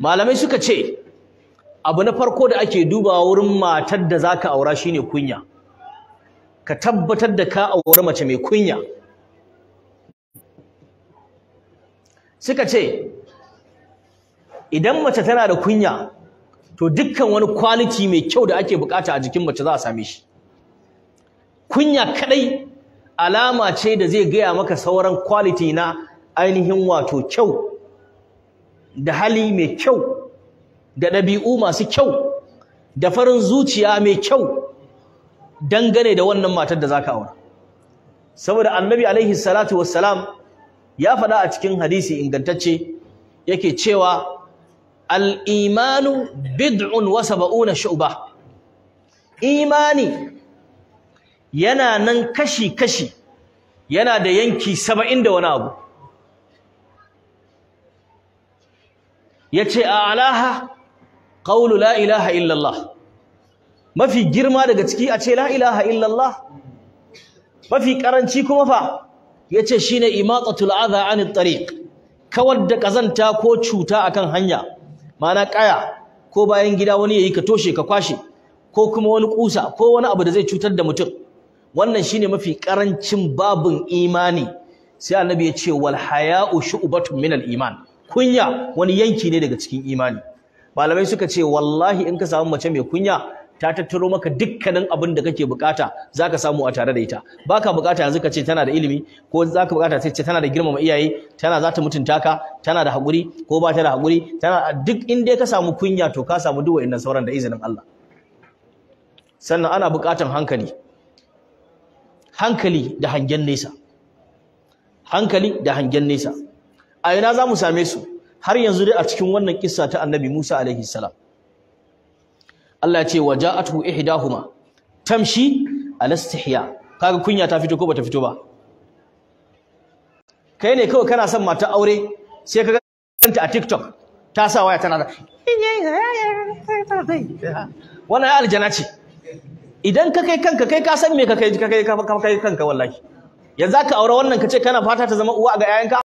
malamai suka ce abu na farko da ake dubawa wurin matar da zaka aura shine kunya ka tabbatar da ka aure mace mai kunya suka ce idan mace tana da kunya to dukkan wani quality mai kyau da ake bukata a jikin mace za a same shi kunya kadai alama ce da zai gaya maka sauran quality na ainihin wato kyau da hali mai kyau da ɗabi'u masu kyau da farin zuciya mai kyau dangane da wannan matar da za ka aura saboda annabi alaihi salatu wassalam ya faɗa a cikin hadisi ingantacce yake cewa al-imanu bid'un wa sab'una shu'ba imani yana nan kashi kashi yana da yanki saba'in da wani abu yace a'laha qawlu la ilaha illallah mafi girma daga ciki a ce illallah mafi karanci kuma fa yace shine imatatul adha anit tariq kawar da kazanta ko cuta akan hanya mana kaya ko bayan gida wani yayi ka toshe ka kwashe ko kuma wani ƙusa ko wani abu da zai cutar da mutum wannan shine mafi karancin babun imani sai annabi ya ce walhayau shu'batun minal iman kunya wani yanki ne daga cikin imani malamai suka ce wallahi in ka samu mace mai kunya ta tattaro maka dukkanin abin da kake bukata zaka samu a tare da ita baka bukata yanzu ka ce tana da ilimi ko zaka bukata sai ce tana da girmama iyaye tana za ta mutunta ka tana da hakuri ko ba ta da hakuri tana duk inda dai ka samu kunya to ka samu duk wayannan sauran da izinin Allah sannan ana bukatan hankali hankali da hangen nesa hankali da hangen nesa a ina za mu same su har yanzu dai a cikin wannan kissa ta annabi Musa alaihi salam Allah ya ce wa waja'atu ihdahuma tamshi ala istihya kaga kunya ta fito ko bata fito ba kai ne kawai kana son mata aure sai ka kanta a TikTok ta sa waya tana da wannan ya aljana ce idan ka kai kanka kai ka san me ka kai ka kai kanka wallahi yanzu ka aure wannan ka ce kana fata ta zama uwa ga yayanka